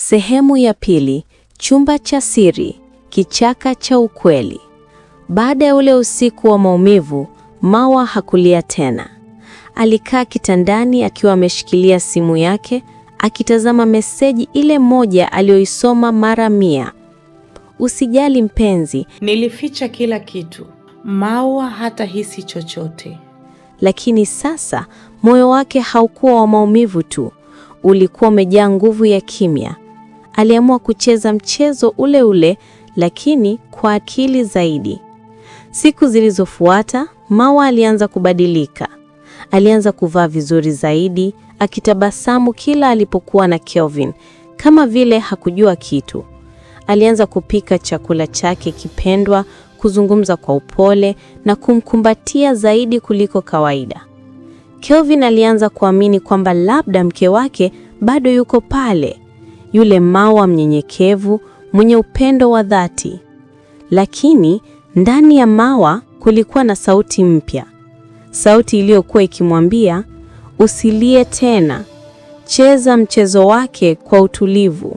Sehemu ya pili: chumba cha siri, kichaka cha ukweli. Baada ya ule usiku wa maumivu, Mawa hakulia tena. Alikaa kitandani akiwa ameshikilia simu yake, akitazama meseji ile moja aliyoisoma mara mia: usijali mpenzi, nilificha kila kitu, Mawa hata hisi chochote. Lakini sasa moyo wake haukuwa wa maumivu tu, ulikuwa umejaa nguvu ya kimya, aliamua kucheza mchezo ule ule, lakini kwa akili zaidi. Siku zilizofuata Mawa alianza kubadilika. Alianza kuvaa vizuri zaidi, akitabasamu kila alipokuwa na Kelvin, kama vile hakujua kitu. Alianza kupika chakula chake kipendwa, kuzungumza kwa upole na kumkumbatia zaidi kuliko kawaida. Kelvin alianza kuamini kwamba labda mke wake bado yuko pale yule mawa mnyenyekevu mwenye upendo wa dhati. Lakini ndani ya mawa kulikuwa na sauti mpya, sauti iliyokuwa ikimwambia usilie tena, cheza mchezo wake kwa utulivu.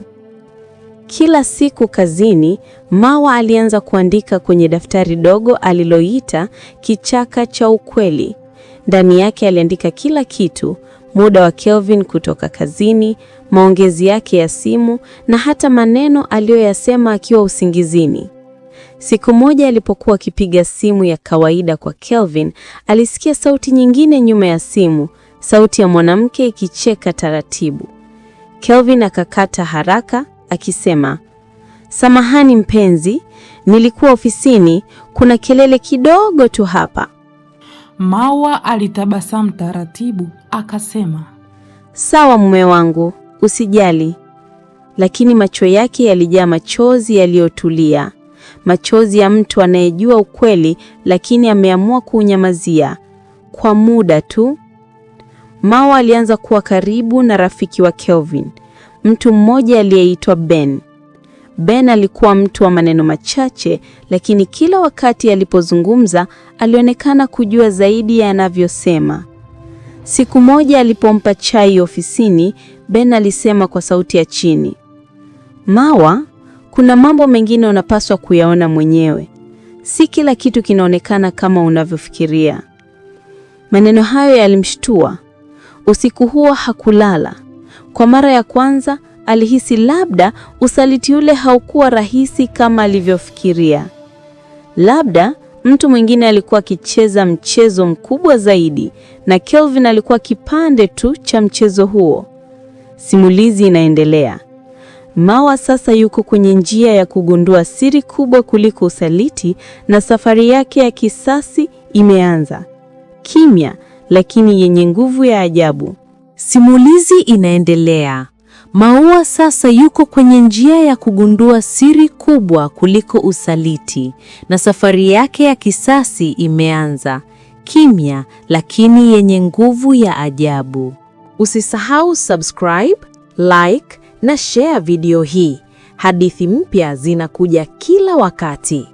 Kila siku kazini, Mawa alianza kuandika kwenye daftari dogo aliloita Kichaka cha Ukweli. Ndani yake aliandika kila kitu, muda wa Kelvin kutoka kazini, maongezi yake ya simu na hata maneno aliyoyasema akiwa usingizini. Siku moja alipokuwa akipiga simu ya kawaida kwa Kelvin, alisikia sauti nyingine nyuma ya simu, sauti ya mwanamke ikicheka taratibu. Kelvin akakata haraka akisema, samahani mpenzi, nilikuwa ofisini, kuna kelele kidogo tu hapa. Maua alitabasamu taratibu akasema, sawa mume wangu, usijali. Lakini macho yake yalijaa machozi yaliyotulia, machozi ya mtu anayejua ukweli lakini ameamua kuunyamazia kwa muda tu. Maua alianza kuwa karibu na rafiki wa Kelvin, mtu mmoja aliyeitwa Ben. Ben alikuwa mtu wa maneno machache, lakini kila wakati alipozungumza alionekana kujua zaidi ya anavyosema. Siku moja alipompa chai ofisini, Ben alisema kwa sauti ya chini, Mawa, kuna mambo mengine unapaswa kuyaona mwenyewe. Si kila kitu kinaonekana kama unavyofikiria. Maneno hayo yalimshtua. Usiku huo hakulala. Kwa mara ya kwanza alihisi labda usaliti ule haukuwa rahisi kama alivyofikiria. Labda mtu mwingine alikuwa akicheza mchezo mkubwa zaidi na Kelvin alikuwa kipande tu cha mchezo huo. Simulizi inaendelea. Mawa sasa yuko kwenye njia ya kugundua siri kubwa kuliko usaliti na safari yake ya kisasi imeanza. Kimya lakini yenye nguvu ya ajabu. Simulizi inaendelea. Maua sasa yuko kwenye njia ya kugundua siri kubwa kuliko usaliti, na safari yake ya kisasi imeanza, kimya lakini yenye nguvu ya ajabu. Usisahau subscribe, like na share video hii. Hadithi mpya zinakuja kila wakati.